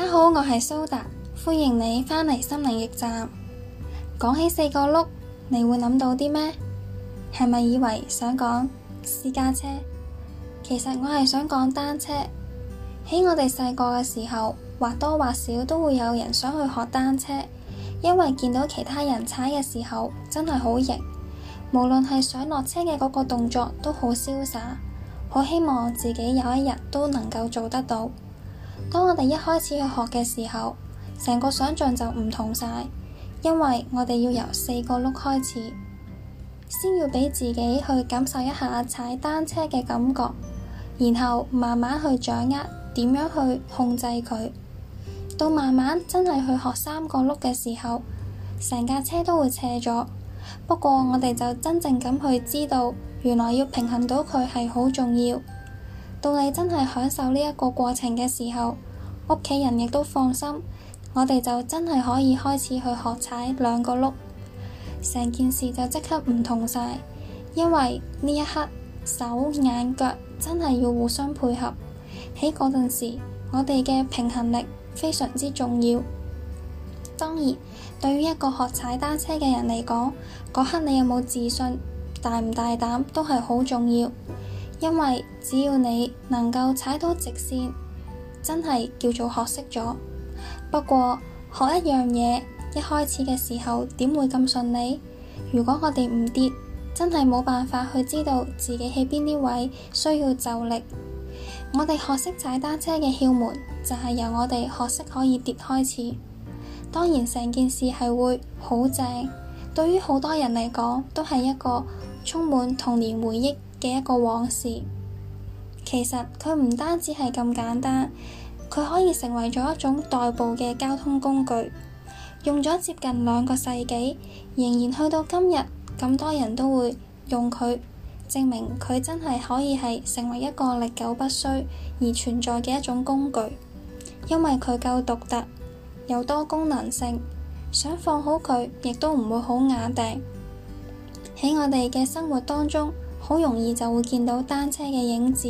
大家好，我係蘇達，歡迎你返嚟森林驛站。講起四個轆，你會諗到啲咩？係咪以為想講私家車？其實我係想講單車。喺我哋細個嘅時候，或多或少都會有人想去學單車，因為見到其他人踩嘅時候真係好型，無論係想落車嘅嗰個動作都好瀟灑。好希望自己有一日都能夠做得到。當我哋一開始去學嘅時候，成個想像就唔同晒，因為我哋要由四個轆開始，先要畀自己去感受一下踩單車嘅感覺，然後慢慢去掌握點樣去控制佢。到慢慢真係去學三個轆嘅時候，成架車都會斜咗。不過我哋就真正咁去知道，原來要平衡到佢係好重要。到你真係享受呢一個過程嘅時候，屋企人亦都放心，我哋就真係可以開始去學踩兩個轆，成件事就即刻唔同晒。因為呢一刻手、眼、腳真係要互相配合，喺嗰陣時我哋嘅平衡力非常之重要。當然，對於一個學踩單車嘅人嚟講，嗰刻你有冇自信、大唔大膽，都係好重要。因為只要你能夠踩到直線，真係叫做學識咗。不過學一樣嘢一開始嘅時候點會咁順利？如果我哋唔跌，真係冇辦法去知道自己喺邊啲位需要就力。我哋學識踩單車嘅竅門就係由我哋學識可以跌開始。當然成件事係會好正，對於好多人嚟講都係一個充滿童年回憶嘅一個往事，其實佢唔單止係咁簡單，佢可以成為咗一種代步嘅交通工具，用咗接近兩個世紀，仍然去到今日咁多人都會用佢，證明佢真係可以係成為一個歷久不衰而存在嘅一種工具，因為佢夠獨特，有多功能性，想放好佢亦都唔會好雅定喺我哋嘅生活當中。好容易就會見到單車嘅影子。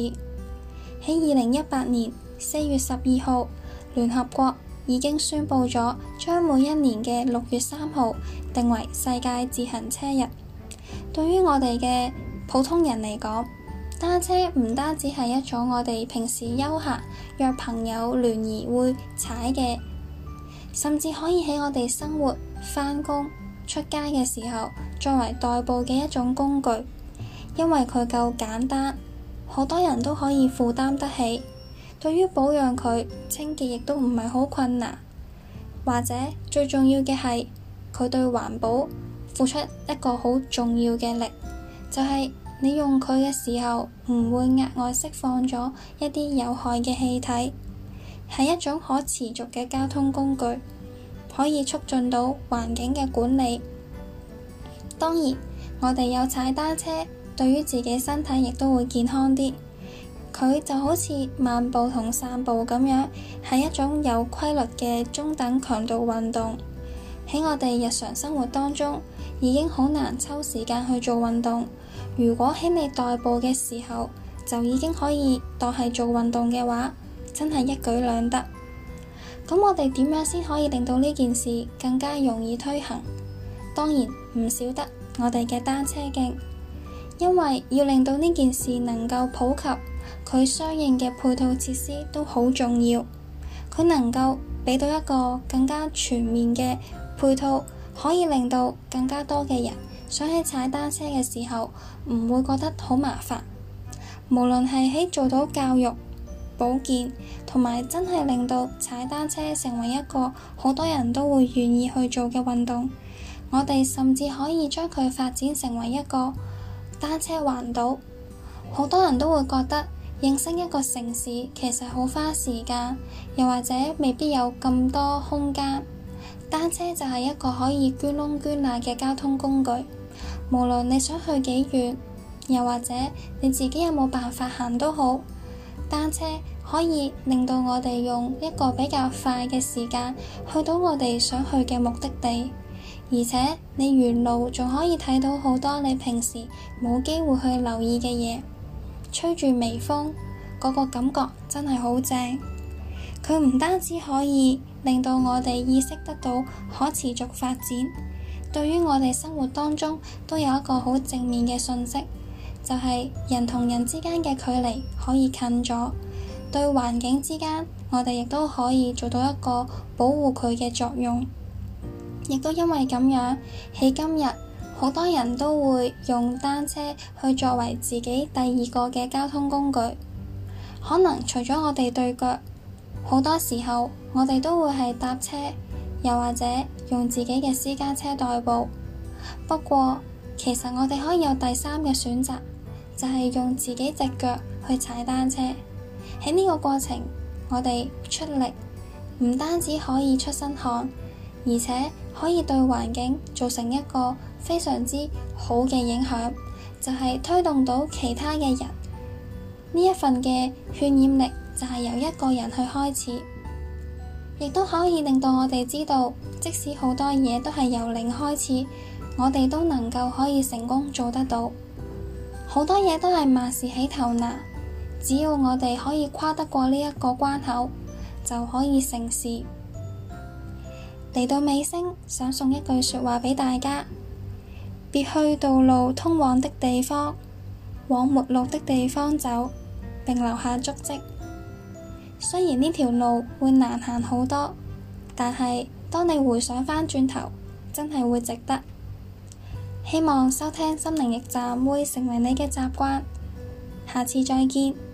喺二零一八年四月十二號，聯合國已經宣布咗，將每一年嘅六月三號定為世界自行車日。對於我哋嘅普通人嚟講，單車唔單止係一種我哋平時休閒、約朋友聯誼會踩嘅，甚至可以喺我哋生活、返工、出街嘅時候作為代步嘅一種工具。因為佢夠簡單，好多人都可以負擔得起。對於保養佢清潔，亦都唔係好困難。或者最重要嘅係佢對環保付出一個好重要嘅力，就係你用佢嘅時候唔會額外釋放咗一啲有害嘅氣體，係一種可持續嘅交通工具，可以促進到環境嘅管理。當然，我哋有踩單車。對於自己身體亦都會健康啲。佢就好似漫步同散步咁樣，係一種有規律嘅中等強度運動。喺我哋日常生活當中已經好難抽時間去做運動。如果喺你代步嘅時候就已經可以當係做運動嘅話，真係一舉兩得。咁我哋點樣先可以令到呢件事更加容易推行？當然唔少得我哋嘅單車徑。因為要令到呢件事能夠普及，佢相應嘅配套設施都好重要。佢能夠畀到一個更加全面嘅配套，可以令到更加多嘅人想喺踩單車嘅時候唔會覺得好麻煩。無論係喺做到教育、保健，同埋真係令到踩單車成為一個好多人都會願意去做嘅運動，我哋甚至可以將佢發展成為一個。單車環島，好多人都會覺得認識一個城市其實好花時間，又或者未必有咁多空間。單車就係一個可以捐窿捐罅嘅交通工具，無論你想去幾遠，又或者你自己有冇辦法行都好，單車可以令到我哋用一個比較快嘅時間去到我哋想去嘅目的地。而且你沿路仲可以睇到好多你平時冇機會去留意嘅嘢，吹住微風，嗰個感覺真係好正。佢唔單止可以令到我哋意識得到可持續發展，對於我哋生活當中都有一個好正面嘅信息，就係人同人之間嘅距離可以近咗，對環境之間，我哋亦都可以做到一個保護佢嘅作用。亦都因為咁樣，喺今日好多人都會用單車去作為自己第二個嘅交通工具。可能除咗我哋對腳，好多時候我哋都會係搭車，又或者用自己嘅私家車代步。不過，其實我哋可以有第三個選擇，就係、是、用自己隻腳去踩單車。喺呢個過程，我哋出力，唔單止可以出身汗，而且。可以對環境造成一個非常之好嘅影響，就係推動到其他嘅人，呢一份嘅渲染力，就係由一個人去開始，亦都可以令到我哋知道，即使好多嘢都係由零開始，我哋都能夠可以成功做得到。好多嘢都係萬事起頭難，只要我哋可以跨得過呢一個關口，就可以成事。嚟到尾聲，想送一句說話畀大家：別去道路通往的地方，往沒路的地方走，並留下足跡。雖然呢條路會難行好多，但係當你回想返轉頭，真係會值得。希望收聽心靈驛站會成為你嘅習慣。下次再見。